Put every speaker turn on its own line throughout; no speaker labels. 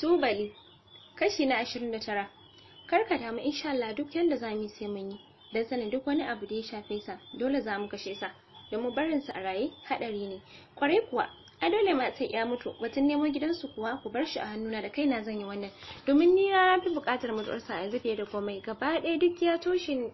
tubali kashi na ashirin da 29 karkata mu insha Allah duk yanda zamu sai mun yi dan sanin duk wani abu da ya shafe sa dole zamu kashe sa domin barin sa a raye hadari ne kware kuwa a dole ma sai ya mutu watan neman gidansu kuwa ku bar shi a hannuna da kaina zan yi wannan domin ni na fi bukatar mutuwar a yanzu fiye da komai gaba ɗaya duk ya toshe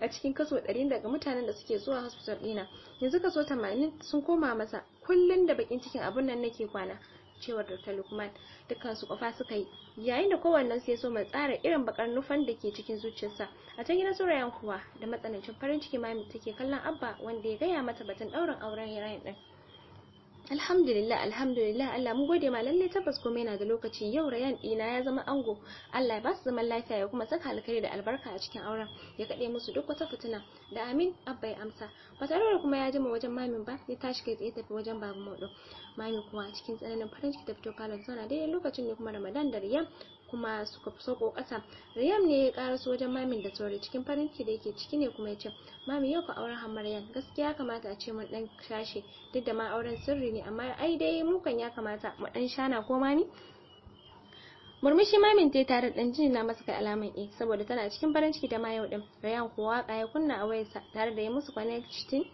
a cikin kaso ɗari daga mutanen da suke zuwa hospital dina yanzu kaso 80 sun koma masa kullum da bakin cikin abun nan nake kwana cewar Dr. Lukman dukkan su kofa suka yi yayin da kowannen su ya so mai tsara irin bakar nufan da ke cikin zuciyarsa a can gidan surayen kuwa da matsanancin farin ciki mami take kallon Abba wanda ya gaya mata batun daurin auren yaran din Alhamdulillah, alhamdulillah, Allah mun gode ma lalle tabbas kuma yana da lokaci yau rayan dina ya zama ango. Allah ya ba su zaman lafiya ya kuma saka alkhairi da albarka a cikin auren. Ya kade musu duk wata fitina. Da amin abba ya amsa. Ba kuma ya jima wajen mamin ba, ya tashi kai tsaye tafi wajen babu maudo. mamin kuma a cikin tsananin farin ciki ta fito falon zauna daidai lokacin ne kuma Ramadan da riya kuma suka fi sauko ƙasa Riyam ne ya su wajen mamin da saurari cikin farin ciki da yake ciki ne kuma ya ce mami yau ka auren Hamaryan gaskiya ya kamata a ce mun dan shashe duk da ma auren sirri ne amma ai dai mu kan ya kamata mu dan shana ko mami murmushi mamin ta tare dan jini na masa kai alaman e saboda tana cikin farin ciki da ma yau din kowa kuwa ya kunna a wayarsa tare da ya musu connecting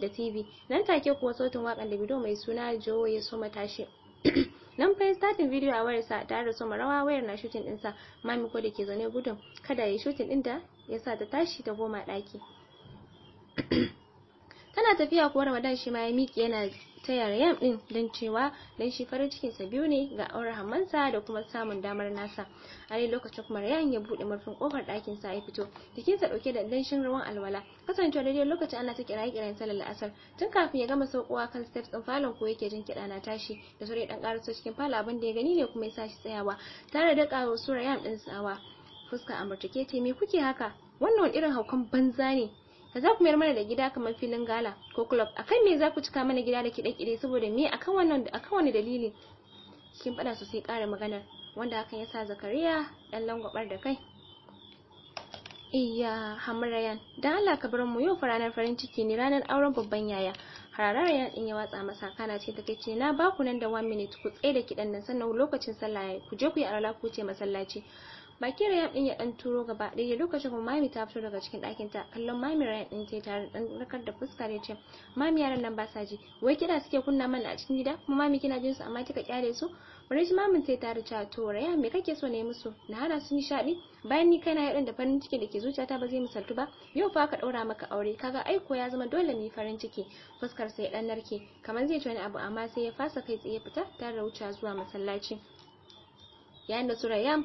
da TV nan take kuwa sautin wakan da bido mai suna Joe ya so matashi nan fa startin bidiyo video a wayarsa tare da soma rawa wayar na shooting ɗinsa mami ko da ke zaune gudun kada ya yi shooting ɗin da ya sa ta tashi ta goma ɗaki tana tafiya kuwa ramadan shi ma ya miƙe yana ta yaryam din don cewa dan shi farin cikin sa biyu ne ga auren Hamansa da kuma samun damar nasa a dai lokacin kuma rayan ya bude murfin kofar ɗakin sa ya fito jikin sa dauke da danshin ruwan alwala kasancewa da daidai lokacin ana ta kiraye kirayen sallar la'asar tun kafin ya gama saukowa kan steps din falon ko yake jin kiɗa na tashi da sauri dan karaso cikin falon abin da ya gani ne kuma ya sa shi tsayawa tare da kawo sura yam din tsawa fuska a amurtake ce me kuke haka wannan irin haukan banza ne ba za ku mayar mana da gida kamar filin gala ko club akan me za ku cika mana gida da kiɗe-kiɗe saboda me akan wannan akan wani dalili kin fada su sai ƙara magana wanda hakan ya sa zakariya ɗan langwabar da kai iya hamrayan dan Allah ka bar mu yau ranar farin ciki ne ranar auren babban yaya hararayan din ya watsa masa kana ce take ce na ba ku nan da 1 minute ku tsaye da kidan nan sannan lokacin sallah ku je ku yi alala ku ce masallaci baki Rayyan din ya dan turo gaba daya lokacin kuma mami ta fito daga cikin dakinta ta kallon mami ran din ta tare dan rakar da fuska ya ce mami yaran nan ba sa ji wai kina suke kunna mana a cikin gida kuma mami kina jin su amma kika kyale su shi mamin sai ta rica to raya me kake so ne musu na hana su nishaɗi bayan ni kaina yadan da farin ciki da ke zuciyata ba zai misaltu ba yau fa ka ɗaura maka aure kaga aiko ya zama dole mu farin ciki fuskar sai dan narke kamar zai ci wani abu amma sai ya fasa kai tsaye fita tare da wuce zuwa masallaci yayin da su rayam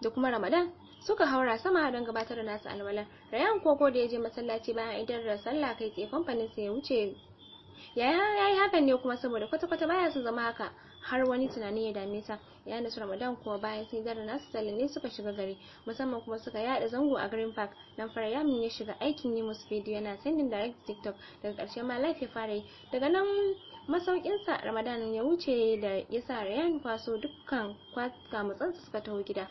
da kuma Ramadan suka haura sama don gabatar da nasu alwalan Rayan koko da ya je masallaci bayan idar da sallah kai tsaye kamfanin sa ya wuce yaya yayi hakan ne kuma saboda kwata-kwata baya su zama haka har wani tunani ya dame sa ya nasu ramadan kuma bayan sun da nasu sallane suka shiga gari musamman kuma suka yada zango a green park nan yamin ya shiga aikin yi musu bidiyo yana sendin direct tiktok daga karshe ma life ya fara yi daga nan masaukinsa ramadan ya wuce da ya sa rayan kwaso dukkan kwamutsansa suka taho gida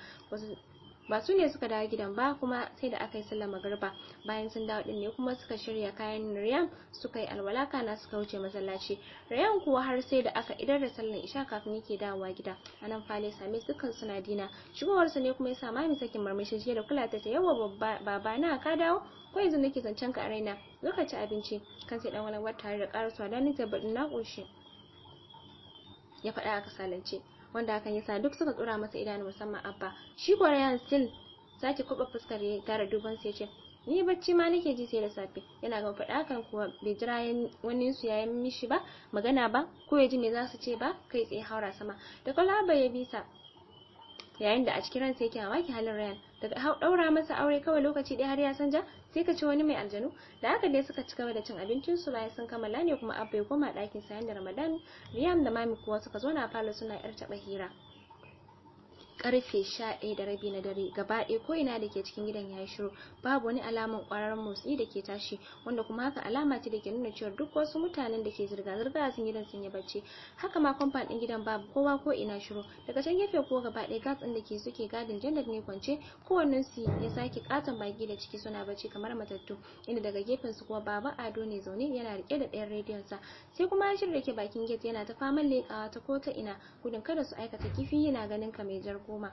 ba su ne suka dawo gidan ba kuma sai da aka yi sallar magarba bayan sun dawo din ne kuma suka shirya kayan Riyam suka yi alwalaka na suka wuce masallaci Riyam kuwa har sai da aka idar da sallar isha kafin yake dawowa gida anan fale same dukkan suna dina shigowar sa ne kuma yasa mami sakin marmishin shi da kula ta ce yawa baba na ka dawo ko yanzu nake zancen ka a raina zo abinci kan sai dan wani tare da karasuwa dan ni tabbatin na koshi ya faɗa a kasalance wanda hakan yasa duk suka tsura masa idanu musamman abba shi korayan still sake kuba fuskar ya tara duban sai ce ni bacci ma nake ji sai da safe yana ga faɗa kan kuwa bai jira wani su yayi mishi ba magana ba ko ya ji me za su ce ba kai tsaye haura sama da kwalaba ya bisa yayin da a cikin sai yake mamaki halin rayan daga daura masa aure kawai lokaci ɗaya har ya san ja sai ka ci wani mai aljanu da haka dai suka ci gaba da cin abincin su bayan sun kammala ne kuma abba ya koma ɗakin sa da ramadan riyam da mami kuwa suka zo na falo suna yar taɓa hira karfe 11 da rabi na dare gaba ɗaya ko ina da ke cikin gidan ya yi shiru babu wani alamar kwarar motsi da ke tashi wanda kuma haka alama ce da ke nuna cewa duk wasu mutanen da ke zirga-zirga cikin gidan sun yi bacci haka ma kwamfan ɗin gidan babu kowa ko ina shiru daga can gefe kuwa gaba ɗaya gatsin da ke suke gadin janar ne kwance kowannen su ya sake katon baki da ciki suna bacci kamar matattu inda daga gefen su kuma baba ado ne zaune yana rike da ɗayan rediyon sa sai kuma ya shirya ke bakin gate yana ta faman leƙawa ta ko ta ina gudun kada su aikata kifi yana ganin ka mai jar koma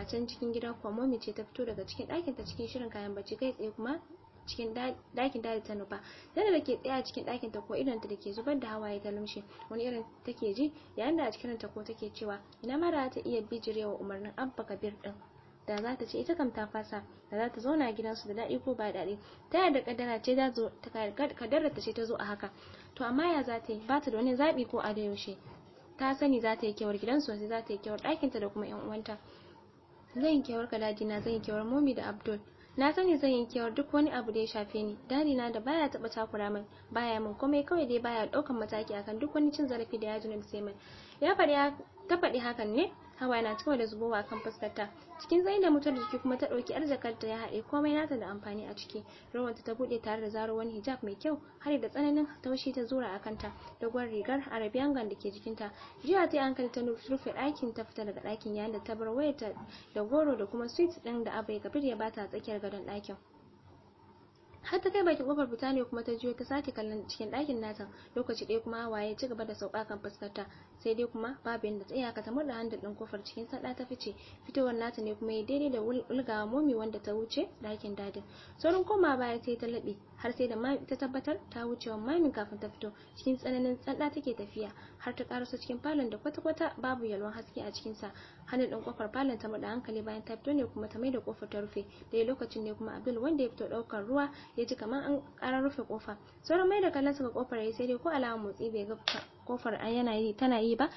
a can cikin gidan kuwa ce ta fito daga cikin ɗakin ta cikin shirin kayan bacci kai tsaye kuma cikin ɗakin dadi ta nufa tana da ke tsaye a cikin ɗakin ta ko ta da ke zubar da hawaye ta lumshe wani irin take ji yayin da a cikin ta ko take cewa ina mara ta iya bijirewa umarnin abba kabir ɗin da za ta ce ita kam ta fasa da za ta zauna a gidansu da daɗi ko ba daɗi ta yarda kaddara ce ta zo kaddara ta ce ta zo a haka to amma ya za ta yi ba ta da wani zaɓi ko a da yaushe ta sani za ta yi kewar gidan sai za ta yi kewar ɗakinta da kuma yan uwanta zan yi kewar daji na zan yi kewar momi da abdul na sani zan yi kewar duk wani abu da ya shafe ni dadi na da baya taɓa takura min baya min komai kawai dai baya ɗaukan mataki akan duk wani cin zarafi da ya ji na sai mai ya faɗi ta faɗi hakan ne hawa na cewa da zubowa kan fuskarta cikin zain da mutar jiki kuma ta ɗauki yar ta ya hade komai nata da amfani a ciki rawan ta bude tare da zaro wani hijab mai kyau har da tsananin taushi ta zura a kanta da gwan rigar arabian gan da ke ta jiya ta yi hankali ta rufe ɗakin ta fita daga ɗakin yayin da ta bar ta da goro da kuma sweet ɗin da abai kabir ya bata a tsakiyar gadon ɗakin har ta kai baki kofar fita kuma ta jiyo ta sake kallon cikin ɗakin nata lokaci ɗaya kuma waye ci gaba da sauka kan fuskarta sai dai kuma babu yadda ta iya ta da handil din kofar cikin sada ta fice fitowar nata ne kuma ya daidai da wulgawa momi wanda ta wuce dakin dadin saurin koma baya sai ta laɓe har sai da ta tabbatar ta wuce wa mamin kafin ta fito cikin tsananin tsada take tafiya har ta karasa cikin falon da kwata-kwata babu yalwan haske a cikin sa hannun din kofar falon ta murda hankali bayan ta fito ne kuma ta maida kofar ta rufe da lokacin ne kuma abdul wanda ya fito ɗaukar ruwa ya ji kamar an karar rufe kofa sauran maida kallon sa ga kofar ya sai dai ko alama motsi bai ga kofar far'a yana yi tana yi ba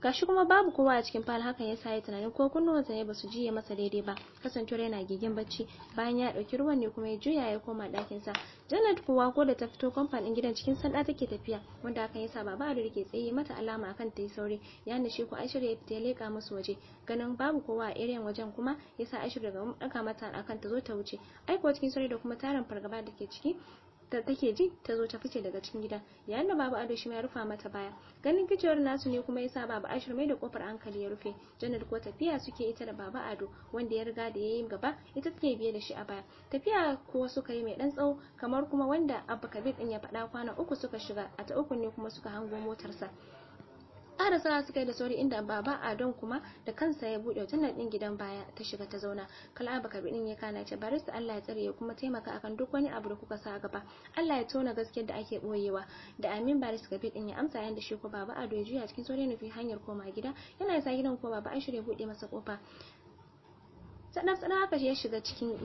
gashi kuma babu kowa a cikin fal hakan ya sa ya tunanin ko kunnuwansa ne basu jiye masa daidai ba kasancewar yana gigin bacci bayan ya dauki ruwan ne kuma ya juya ya koma ɗakin sa Janet kuwa ko da ta fito kamfan din gidan cikin sanda take tafiya wanda hakan ya sa baba da rike tsaye mata alama akan ta yi sauri ya nishi ko ashir ya fita ya leka musu waje ganin babu kowa a irin wajen kuma ya sa Aishir daga daka mata akan ta zo ta wuce aiko cikin sauri da kuma tarin fargaba da ke ciki ta take ji ta zo ta fice daga cikin gida yayin da babu ado shi ma ya rufa mata baya ganin ficewar nasu ne kuma yasa babu ashir mai da kofar hankali ya rufe janar ko tafiya suke ita da babu ado wanda ya riga da yayin gaba ita take biye da shi a baya tafiya kuwa suka yi mai dan tsawo kamar kuma wanda abba kabir din ya faɗa kwana uku suka shiga a ta uku ne kuma suka hango motarsa ƙarasawa suka yi da sauri inda baba adon kuma da kansa ya buɗe tunan din gidan baya ta shiga ta zauna kala baka bi ya kana ce barista Allah ya tsare ya kuma taimaka akan duk wani abu da kuka sa gaba Allah ya tona gaskiyar da ake boyewa da amin barista kabi din ya amsa yayin da shi ko baba ado ya juya cikin sauri nufi hanyar koma gida yana yasa gidan ko baba Aisha shirya buɗe masa kofa sannan sannan haka ya shiga cikin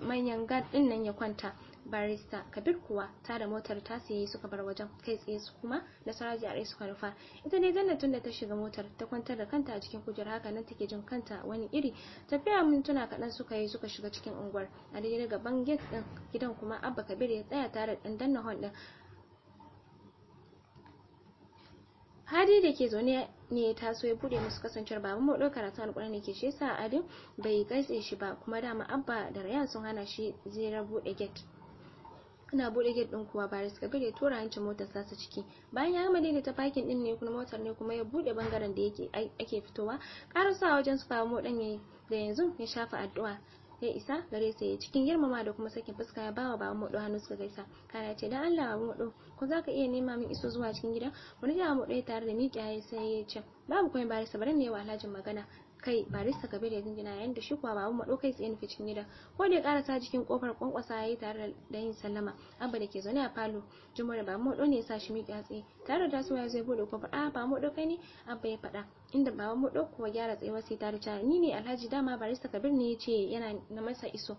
manyan gad din nan ya kwanta barista kabir kuwa ta da motar ta siye suka bar wajen kai tsaye su kuma nasara jihar suka rufa ita ne tun da ta shiga motar ta kwantar da kanta a cikin kujera haka nan take jin kanta wani iri tafiya mintuna kaɗan suka yi suka shiga cikin unguwar a daidai gaban gate din gidan kuma abba kabir ya tsaya tare da danna hon din hadi da ke zaune ne ya taso ya bude musu kasancewar baban mu ɗaukar karatu alƙur'ani ke shi yasa abin bai gaitse shi ba kuma dama abba da rayan sun hana shi zai rabu da gate ana bude gate din kuwa baris kabir ya tura hancin motar sa ciki bayan ya gama daidaita parking din ne kuma motar ne kuma ya bude bangaren da yake ake fitowa karasawa wajen su famo dan yayi da yanzu ya shafa addu'a ya isa gare sa ya cikin girmama da kuma sakin fuska ya bawa baba modo hannu suka gaisa kana ce dan Allah baban modo ko zaka iya nema min iso zuwa cikin gida wani ya modo ya tare da miƙa ya sai ya ce babu komai bare sabarin ne wa alhajin magana kai barista kabir ya jingina yayin da shi kuwa babu maɗo kai tsaye nufi cikin gida ko da ya karasa jikin kofar kwankwasa yayi tare da yin sallama abba da ke zaune a falo jumare ba maɗo ne ya sa shi miƙa tsaye tare da tasowa zai buɗe kofar a ah, ba maɗo kai ne abba ya faɗa inda baban maɗo kuwa gyara tsayuwar sai ta rica ni ne alhaji dama barista kabir ne ya ce yana na masa iso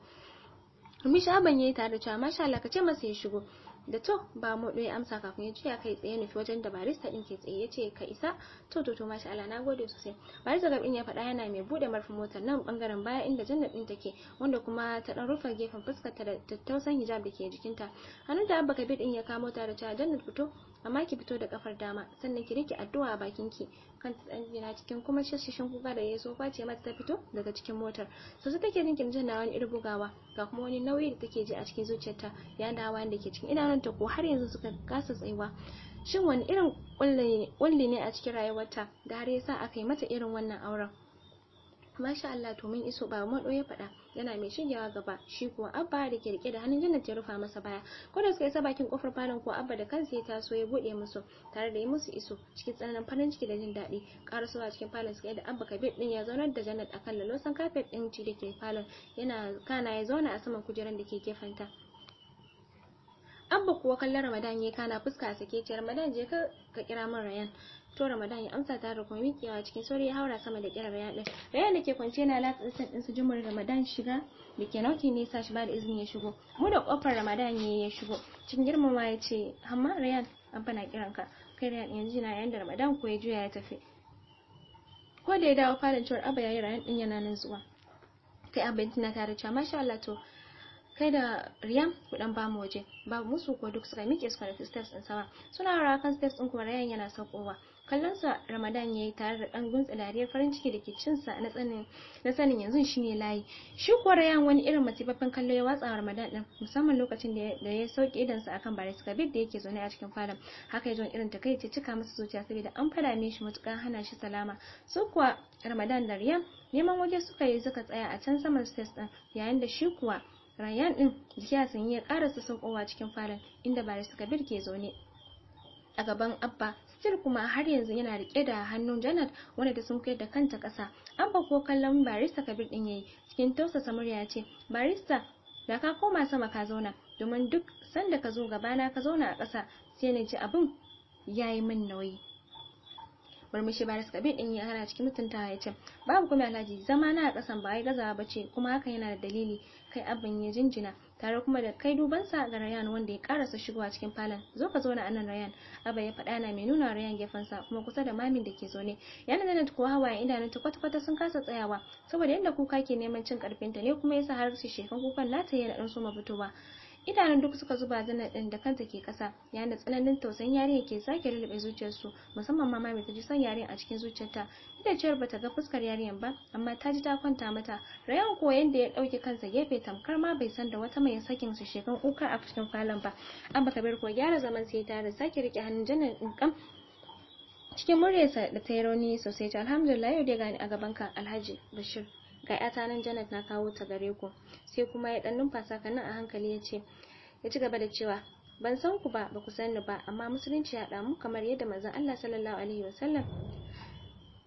Rumishi abin ya tare da cewa masha Allah ka ce masa ya shigo da to ba mu ya amsa kafin ya juya kai tsaye nufi wajen da barista ɗin ke tsaye ya ce ka isa to to to masha Allah gode sosai barista gab ɗin ya faɗa yana mai buɗe marfin motar nan bangaren baya inda jannat din take wanda kuma ta ɗan rufe gefen fuskar ta da tattausan hijab da ke jikinta hannun da abba kabir din ya kamo ta da cewa jannat fito amma ki fito da kafar dama sannan ki rike addu'a a bakin ki kan tsanjina cikin kuma shashashin kuka da yaso ce mata ta fito daga cikin motar sosai take jin kirjin na wani irin bugawa ga kuma wani nauyi da take ji a cikin zuciyarta ya da wanda da ke cikin idanunta ko har yanzu suka kasa tsayuwa shin wani irin kulli ne a cikin rayuwarta da har yasa aka yi mata irin wannan auren masha Allah to mun iso ba mu ya faɗa yana mai shigewa gaba shi kuwa abba da ke rike da hannun jannat ya rufa masa baya ko da suka yi bakin kofar falon ko abba da kansa ya taso ya bude musu tare da yi musu iso cikin tsananin farin ciki da jin daɗi suwa cikin falon suka yi da abba kabir din ya zaunar da jannat akan lalosan kafet din ci da ke falon yana kana ya zauna a saman kujeran da ke gefenta abba kuwa kallon ramadan ya kana fuska a sake ce ramadan je ka kira min rayan to Ramadan ya amsa tare da kuma mikewa cikin sauri ya haura sama da kirar bayan bayan da ke kwance na latsa san din su jumar Ramadan shiga da ke nauki ne sa shi ba da izini ya shigo mu da kofar Ramadan ne ya shigo cikin girmama ya ce amma Ryan an kiran ka kai Ryan yanzu na yayin da Ramadan ko ya juya ya tafi ko da ya dawo falon cewar aba yayi rayan din yana nan zuwa kai abinci na tare cewa masha Allah to kai da Riyam ku dan ba mu waje babu musu ko duk suka mike suka da steps din sama suna rawa kan steps din kuma rayan yana saukowa kallon sa ramadan ya yi tare da dan gunsa dariyar farin ciki da ke cinsa na tsanin na sanin yanzu shine layi shi kuwa rayan wani irin masifafin kallo ya watsa ramadan din musamman lokacin da ya sauke idansa akan baris kabir da yake zaune a cikin falon haka ya zo irin takaici cika masa zuciya saboda an fada ne shi matuƙa hana shi salama su kuwa ramadan da riyan neman waje suka yi suka tsaya a can saman stage din yayin da shi kuwa rayan din jiki a sanye ya karasa sun kowa cikin falon inda baris kabir ke zaune a gaban abba still kuma har yanzu yana rike da hannun janet wanda ta sunkuyar da kanta kasa abba ko kallon barista kabir din yayi cikin tausasa murya ce barista da ka koma sama ka zauna domin duk sanda ka zo gabana ka zauna a ƙasa sai na ji abin yayi min nauyi murmushi baris kabir din ya hana cikin mutuntawa ya ce babu kuma alhaji zama na a kasan ba wai gazawa bace kuma hakan yana da dalili kai abin ya jinjina tare kuma da kai dubansa ga Rayan wanda ya karasa shigowa cikin falon zo ka zauna anan Rayan Aba ya faɗa na mai nuna Rayan sa kuma kusa da mamin da ke zaune yana nan nan kuwa hawaye ta kwata-kwata sun kasa tsayawa saboda yadda kuka ke neman cin karfinta ne kuma yasa har shi shekan kukan nata yana dan so fitowa idanun duk suka zuba zana ɗin da kanta ke ƙasa yayin da tsananin tausayin yarinya ke sake zuciyar su musamman ma mami ta ji son yarinya a cikin zuciyarta ita cewar bata ga fuskar yarinyar ba amma ta ji ta kwanta mata rayan ko yanda ya ɗauke kansa gefe tamkar ma bai san da wata mai sakin su shekan uka a cikin falon ba baka kabir ko gyara zaman sai da sake rike hannun janar ɗin kam cikin muryarsa da ta yi rauni sosai ta alhamdulillah yau dai gani a gaban ka alhaji bashir ga yata nan Janet na kawo ta gare ku sai kuma ya dan numfasa kanin a hankali ya ce ya ci gaba da cewa ban san ku ba ba ku san ni ba amma musulunci ya damu kamar yadda manzon Allah sallallahu alaihi wasallam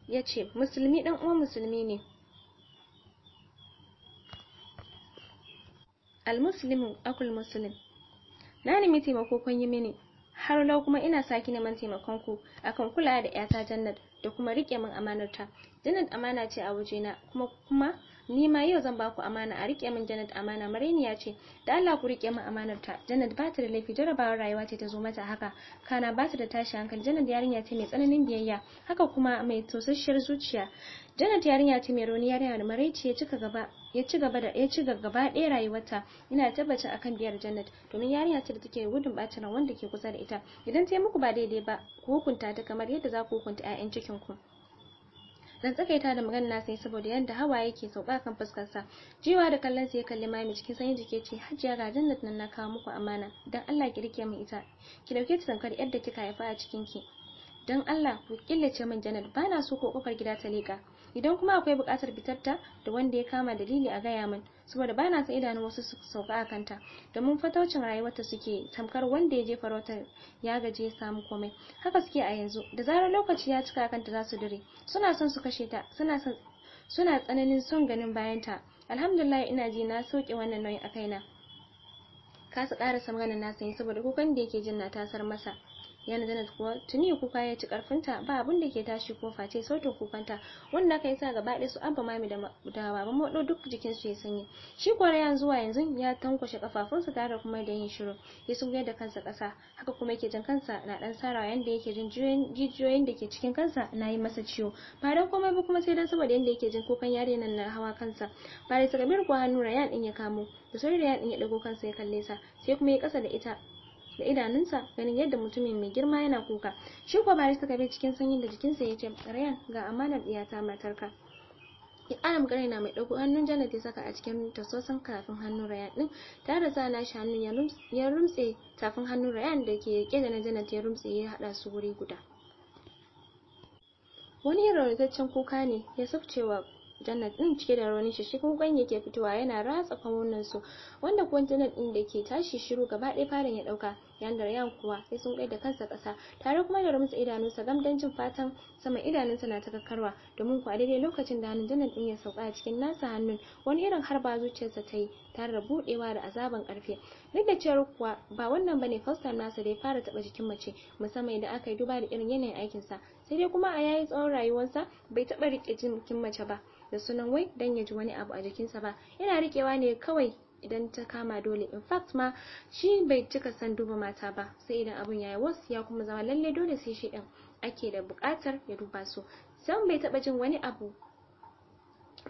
ya ce musulmi dan uwan musulmi ne almuslimu akul muslim na nemi taimako kun yi mini har lau kuma ina sake neman taimakon ku akan kula da yata Jannat da kuma rike min amanar ta Janet amana ce a wajena kuma kuma ni ma yau zan baku amana a rike min Janet amana ya ce da Allah ku rike min amanarta Janet ba ta da laifi jarabawar rayuwa ce ta zo mata haka kana ba ta da tashi hankali Janet yarinya ce mai tsananin biyayya haka kuma mai tosasshiyar zuciya Janet yarinya ce mai rauni yarinya da maraici ya cika gaba ya ci gaba da ya ci gaba ɗaya rayuwarta ina tabbacin akan biyar jannat domin yarinya ce da take gudun bacin wanda ke kusa da ita idan ta yi muku ba daidai ba ku hukunta ta kamar yadda za ku hukunta 'ya'yan cikin ku dan tsakaita da magana na sai saboda yadda hawa yake sauka kan sa jiwa da kallon sa ya kalli mami cikin sanyin jike ce hajiya ga jannat nan na kawo muku amana dan Allah ki rike min ita ki dauke ta tankar yadda kika haifa a cikin ki dan Allah ku killace min jannat bana so ko kofar gida ta leka idan kuma akwai buƙatar fitarta da wanda ya kama dalili a gaya min saboda bana san idanun wasu su sauka a kanta domin fataucin rayuwarta suke tamkar wanda ya je farautar ya gaje samu komai haka suke a yanzu da zarar lokaci ya cika kanta za su dire suna son su kashe ta suna son suna tsananin son ganin bayanta alhamdulillah ina ji na sauke wannan nauyin a kaina kasa ƙarasa na nasa saboda kukan da yake jin na tasar masa yana kuwa tuni kuka ya ci karfinta ba abin da ke tashi ko face sautin kukanta wanda aka yi sa gaba ɗaya su abba mami da da baban mu duk jikin su ya sanyi shi kuwa yan zuwa yanzu ya tankwashe sa tare kuma da yin shiru ya sunguye da kansa kasa haka kuma yake jin kansa na dan sarawa yanda yake jin jijiyoyin da ke cikin kansa na yi masa ciwo ba dan komai ba kuma sai dan saboda yanda yake jin kukan nan na hawa kansa ba sai ga birkuwa hannu yan din ya kamo da da rayan din ya dago kansa ya kalle sa sai kuma ya kasa da ita da idanunsa ganin yadda mutumin mai girma yana kuka shi kuwa suka bi cikin sanyin da jikinsa ya ce rayan ga amanar iyata matarka Adam Gray na mai ɗauko hannun Janet ya saka a cikin tasosan kafin hannun Rayan ɗin, ta da sa nashi hannun ya rumtse tafin hannun Rayan da ke riƙe da na Janet ya rumtse ya haɗa su wuri guda. Wani irin kuka ne ya sabcewa Janet ɗin cike da raunin shi kukan yake fitowa yana ratsa kwamunan su, wanda kuwan Janet din da ke tashi shiru gaba ɗaya farin ya ɗauka. Yandaryan kuwa sai sun kai da kansa kasa tare kuma da rumtsa idanunsa gamdan jin fatan sama idanunsa na ta kakkarwa domin a daidai lokacin da hannun janar din ya sauka a cikin nasa hannun wani irin harba zuciyarsa ta yi tare da budewa da azaban karfe duk da cewar kuwa ba wannan bane first time nasa da ya fara taba jikin mace musamman idan aka yi duba da irin yanayin aikinsa sai dai kuma a yayi tsawon rayuwarsa bai taba rike jikin mace ba da sunan wai dan ya ji wani abu a jikinsa ba yana rikewa ne kawai idan ta kama dole in fact ma shi bai cika san duba mata ba sai idan abun yi wasu ya kuma zama lalle dole sai shi din ake da buƙatar ya duba su sam bai taɓa jin wani abu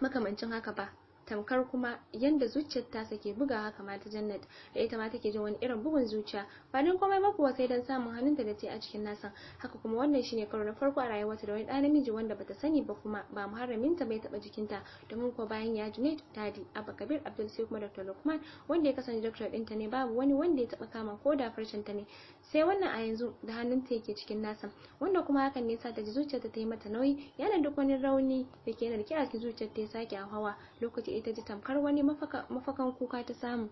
makamancin haka ba tamkar kuma yanda zuciyar ta sake bugawa ma ta jannat da ita ma take jin wani irin bugun zuciya ba don komai ba kuwa sai don samun hannunta da ta a cikin nasan haka kuma wannan shine karo na farko a rayuwarta da wani dan namiji wanda bata sani ba kuma ba muharramin muharraminta bai taba jikinta domin kuwa bayan ya junaid tadi abba kabir abdul sai kuma dr lukman wanda ya kasance doctor ta ne babu wani wanda ya taba kama ko da ta ne sai wannan a yanzu da hannunta yake cikin nasan wanda kuma hakan ne yasa ta ji zuciyarta ta yi mata nauyi yana duk wani rauni da ke da zuciyar ta zuciyarta ya sake hawa lokaci ita ji tamkar wani mafakan kuka ta samu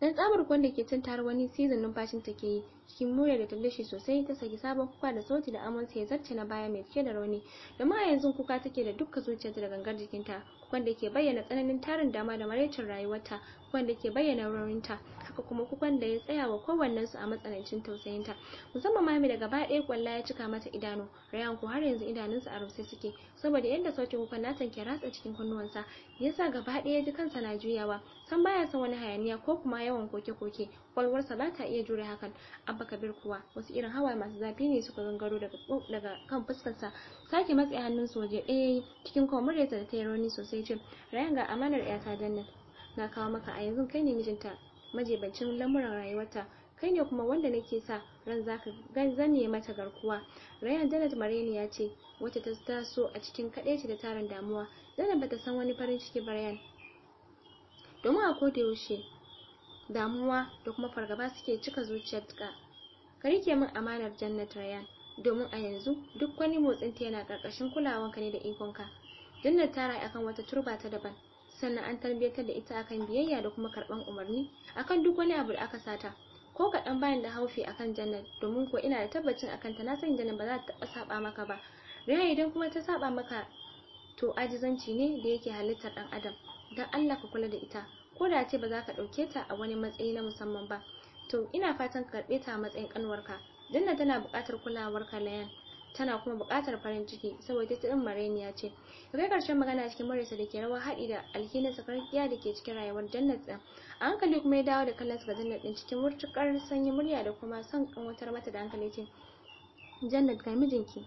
dan tsabar kwan da ke cin har wani sizin numfashin take yi cikin murya da ta sosai ta saki sabon kuka da sauti da amon ya zarce na baya mai cike da rauni Da a yanzu kuka take da dukkan zuciyarta da gangar jikinta kukan da ke bayyana tsananin tarin dama da maraicin rayuwarta kukan da ke bayyana rauninta haka kuma kukan da ya tsaya wa kowannen su a matsanancin tausayinta musamman mami da gaba ɗaya kwalla ya cika mata idanu rayan ku har yanzu idanunsa a rufe suke saboda yadda sautin kukan na ke ratsa cikin kunnuwansa yasa gaba ɗaya ji kansa na juyawa san baya son wani hayaniya ko kuma yawan koke-koke kwalwarsa ba ta iya jure hakan Abba Kabir kuwa wasu irin hawa masu zafi ne suka gangaro daga kan fuskarsa sake matse hannunsa waje ɗaya cikin kwamuriyarsa da ta yi rauni sosai ce rayan ga amanar yata Jannat na kawo maka a yanzu kai ne mijinta majibancin lamuran rayuwarta kai ne kuma wanda nake sa ran zaka zane mata garkuwa rayan mareni ya ce wacce ta taso a cikin ce da tarin damuwa Jannat bata san wani farin ciki ba rayan domin a koda yaushe damuwa da kuma fargaba suke cika zuciyarka ka rike min amanar jannat rayan domin a yanzu duk wani motsin ta yana karkashin kulawanka ne da ikonka jannat ta rayu akan wata turba ta daban sannan an tarbiyatar da ita akan biyayya da kuma karban umarni akan duk wani abu da aka sata ko kaɗan bayan da haufi akan jannat domin ko ina da tabbacin akan ta na san jannat ba za ta taba saba maka ba raya idan kuma ta saba maka to ajizanci ne da yake halittar dan adam dan Allah ka kula da ita ko da ce ba za ka ɗauke ta a wani matsayi na musamman ba to ina fatan ka karɓe ta a matsayin ƙanwarka Janna tana buƙatar kulawarka Layan tana kuma buƙatar farin ciki saboda ita ɗin mareniya ce kai ƙarshen magana cikin marasa da ke rawa haɗi da alhinin sakarkiya da ke cikin rayuwar jannat ɗin a hankali kuma ya dawo da kallon ga jannat ɗin, cikin murtukar sanyi murya da kuma son kanwatar mata da hankali ce jannat ga mijinki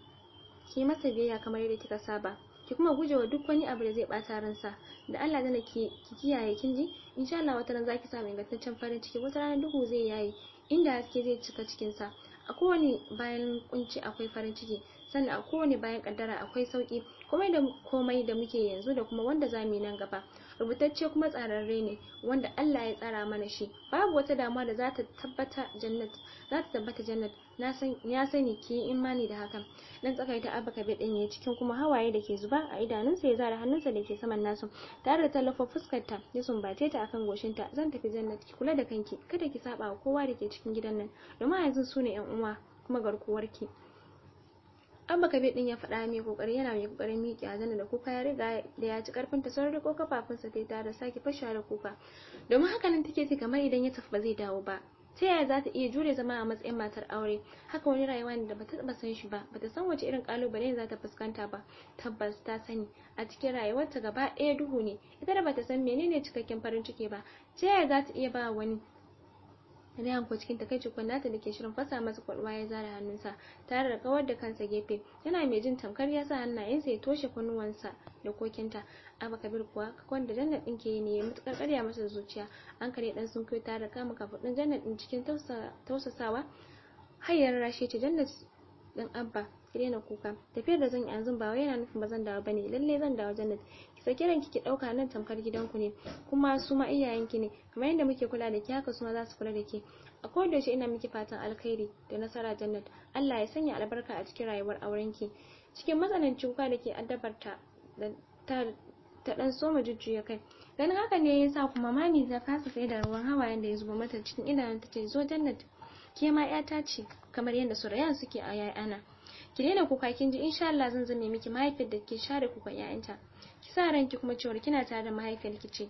ki masa biyayya kamar yadda kika saba ki kuma gujewa duk wani abu da zai bata ransa da Allah dana ki kiyaye kin ji insha Allah wata ran zaki samu ingantaccen farin ciki wata rana duhu zai yayi inda haske zai cika cikin sa a kowane bayan kunci akwai farin ciki sannan a kowane bayan kaddara akwai sauki komai da komai da muke yanzu da kuma wanda zamu yi nan gaba rubutacce kuma tsararre ne wanda Allah ya tsara mana shi babu wata damuwa da za ta tabbata jannat za tabbata jannat na san ya sani ki yi imani da hakan dan tsakai ta abaka bai yayi cikin kuma hawaye da ke zuba a idanunsa ya zara hannunsa da ke saman nasu tare da tallafa fuskar ta ya sumbace ta akan goshinta zan tafi jannat ki kula da kanki kada ki saba kowa da ke cikin gidan nan domin yanzu su ne yan uwa kuma garkuwarki Abba Kabir din ya fada mai kokari yana mai kokarin miƙe a zanna da kuka ya riga da ya ci karfin ta sun riko kafafunsa ta ta da sake fasha da kuka. Domin haka nan take ce kamar idan ya tafi ba zai dawo ba. Ta yaya za ta iya jure zama a matsayin matar aure? Haka wani rayuwa ne da bata taba san shi ba, ba ta san wace irin kalubale ne za ta fuskanta ba. Tabbas ta sani a cikin rayuwarta gaba ɗaya duhu ne. Ita da ta san menene cikakken farin ciki ba. Ta yaya za ta iya ba wani da ko cikin takaici kun nata da ke shirin fasa masa kwalwa ya zara hannunsa tare da kawar da kansa gefe yana mai jin tamkar ya sa hannayensa ya toshe kunnuwansa da kokinta aba kabir kuwa kakwan da jannat ɗin ke yi ne ya matuƙar karya masa zuciya an kare ɗan sun tare da kama kafaɗin jannat ɗin cikin tausasawa hayar rashe ce jannat ɗin abba ki daina kuka tafiyar da zan yanzu ba wai yana nufin ba zan dawo bane lallai zan dawo jannat saki kiran ki ki dauka nan tamkar gidanku ne kuma su ma iyayenki ne kamar yadda muke kula da ki haka su ma za su kula da ke a shi ina miki fatan alkhairi da nasara jannat Allah ya sanya albarka a cikin rayuwar aurenki cikin matsanancin kuka da ke addabar ta ta dan soma jujjuya kai ganin haka ne ya sa kuma mami ta kasa sai da ruwan hawayen da ya zuba mata cikin idanun ta ce zo jannat ke ma yata ce kamar yadda surayan suke a yayana ki daina kuka kin ji insha Allah zan zame miki mahaifiyar da ke share kukan yayanta Kisa sa ranki kuma cewa kina tare da mahaifiyarki ce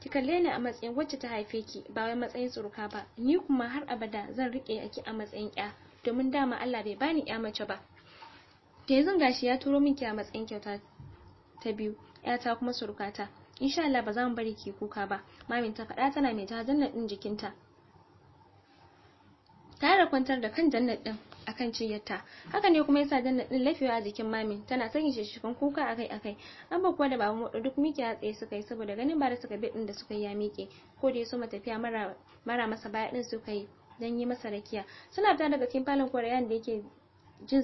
ki kalle ni a matsayin wacce ta haife ki ba wai matsayin tsuruka ba ni kuma har abada zan rike ki a matsayin ƴa domin dama Allah bai bani ƴa mace ba da yanzu gashi ya turo min ki a matsayin kyauta ta biyu ƴata kuma surukata insha Allah ba za mu bari ki kuka ba mamin ta faɗa tana mai ta jannar ɗin jikinta ta da kwantar da kan jannat ɗin akan ciyarta haka ne kuma yasa danna din lafewa a jikin mamin tana sakin shishikan kuka akai akai an kuwa da babu wadda duk miki a tsaye suka yi saboda ganin ba da suka bi din da suka yi ya miƙe ko da ya so tafiya mara mara masa baya din suka yi dan yi masa rakiya suna fita daga cikin falon korayan da yake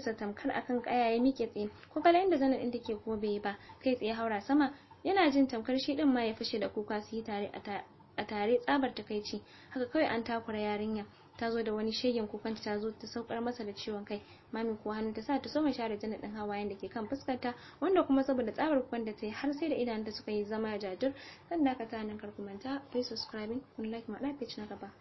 sa tamkar akan kaya ya miƙe tsaye ko kala inda zanen din take ko bai ba kai tsaye haura sama yana jin tamkar shi din ma ya fashe da kuka su yi tare a tare tsabar takaici haka kawai an takura yarinya ta zo da wani shegen kukanta ta zo ta saukar masa da ciwon kai mami kuwa hannu ta sa ta soma share janar din hawayen da ke kan fuskarta wanda kuma saboda tsabar kukan da ta yi har sai da idanunta suka yi zama jajir sannan ka ta nan kar manta please subscribe kun like ma page na gaba